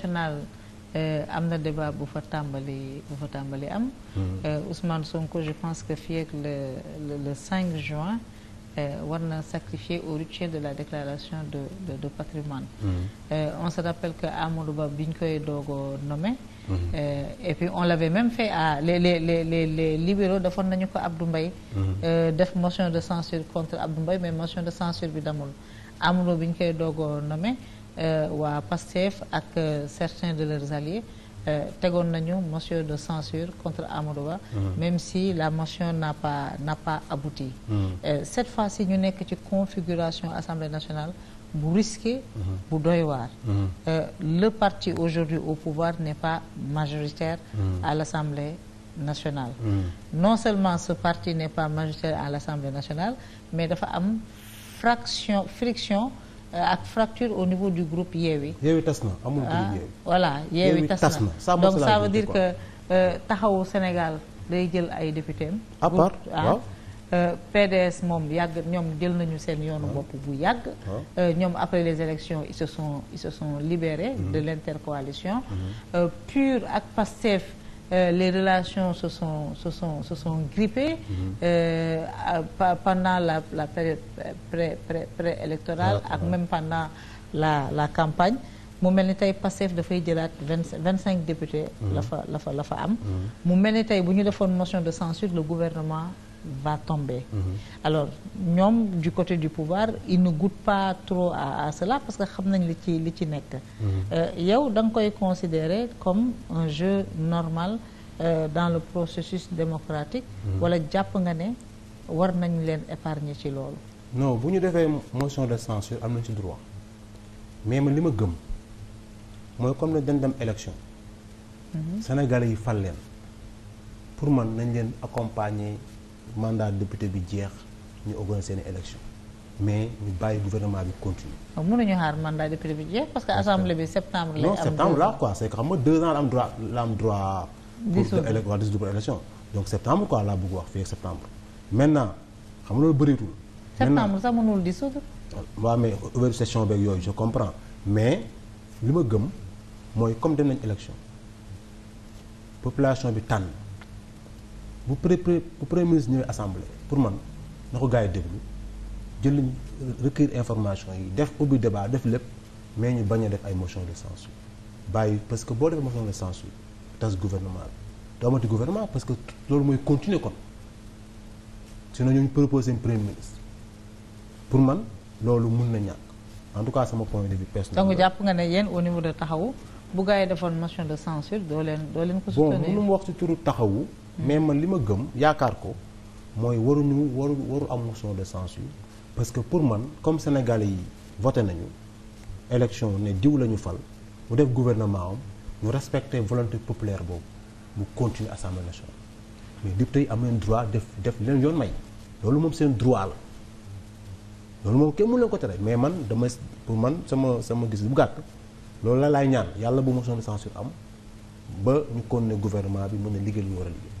national euh, am na débat bu fa tàmbali bu fa tàmbali am mm-hmm. euh, Ousmane Sonko je pense que fii ak le le 5 juin euh, war na sacrifier au rituel de la déclaration de de, de patrimoine mm -hmm. euh, on se rappelle que Amadou Ba bi ñu koy doogo nommé mm-hmm. et puis on l'avait même fait à les les les les, les libéraux defoon nañu ko Abdou Mbaye mm-hmm. def motion de censure contre Abdou mbay mais motion de censure bi damul Amadou bi ñu koy doogoo nommé Euh, waa PASTEF ak euh, certains de leurs alliés euh, tegoon nañu motion de censure contre Amadou mhm. même si la motion n'a pas n'a pas abouti mhm. cette fois-ci ñu nekk ci configuration Assemblée nationale bu risqué mhm. bu doy waar le parti aujourd'hui au pouvoir n'est pas majoritaire à l'Assemblée nationale non seulement ce parti n'est pas majoritaire à l'Assemblée nationale mais dafa am fraction friction Euh, ak fracture au niveau du groupe Yewwi. Yewwi tas na amul groupe ah, Yewwi. voilà Yewwi tas na donc ça veut dire que euh, taxawu Sénégal day jël ay député am. à ah. waaw. Euh, PDS moom yàgg ñoom jël nañu seen yoonu ah. bopp bu yàgg ñoom après les élections ils se sont ils se sont libérés mm-hmm. de l'intercoalition mm-hmm. PUR ak PASTEF euh, les relations se sont, se sont, se sont grippées mhm. euh, à, pendant la, la période préélectorale pré, pré, pré ak même pendant la, la campagne mu mel ni tey Pastef dafay jëlaat vingt cinq députés mhm. la fa la fa la fa am mhm. mu mel ni tey bu ñu defoon motion de censure le gouvernement va tomber. Mm alors ñoom du côté du pouvoir ils ne goûtent pas trop à, à cela parce que xam nañ li ci li ci nekk. Mhm. Euh, yow da nga koy considérer comme un jeu normal euh, dans le processus démocratique. Mhm. wala jàpp nga ne war nañ leen épargner ci loolu. non bu ñu defee motion de censure am na ci droit mais man li ma gëm mooy comme ne dañ dem élection. Mhm. sénégal yi fal leen pour man nañ leen accompagner. mandat député bi jeex ñu organiser seeni élection mais ñu bàyyi gouvernement bi continuer. waaw mënuñu xaar mandat député bi jeex parce que assemblée bi septembre. lay am non septembre là quoi c' est que xam nga deux ans la am droit la am droit. dissoudre pour waa dissoudre élection donc septembre quoi laa bëgg wax fii septembre. maintenant xam nga loolu bëreetul. septembre sax mënul dissoudre. waaw mais ouverture session beeg yooyu je comprends mais li ma gëm mooy comme dem nañ élection population bi tànn. bu pré bu premier ministre ñëwee assemblée pour man na ko gars yi déglu jël nañu recueillir information yi def ubbi débat def lépp mais ñu bañ a def ay motion de censure bàyyi parce que boo defee motion de censure tas gouvernement bi doo gouvernement parce que loolu mooy continuer kon sinon ñu proposé premier ministre pour man loolu mun na ñàkk en tout cas sama point de vue personnel. donc jàpp nga ne yéen au niveau de taxawu bu gars yi defoon de censure doo leen doo leen ko soutenir bon mënu mu wax ci turu taxawu. mais man li ma gëm yaakaar ko mooy waru waruñu waru waru am motion de censure parce que pour man comme sénégalais yi voté nañu élection ne diw lañu ñu fal mu def gouvernement am ñu respecter volonté populaire boobu mu continuer assemblée nationale mais député yi am leen droit def def leen yoon may loolu moom seen droit la loolu moom kenn mënu leen ko tere mais man dama pour man sama sama gis bu gàtt loolu la laay ñaan yàlla bu motion de censure am ba ñu kon ne gouvernement bi mën a liggéey war a liggéey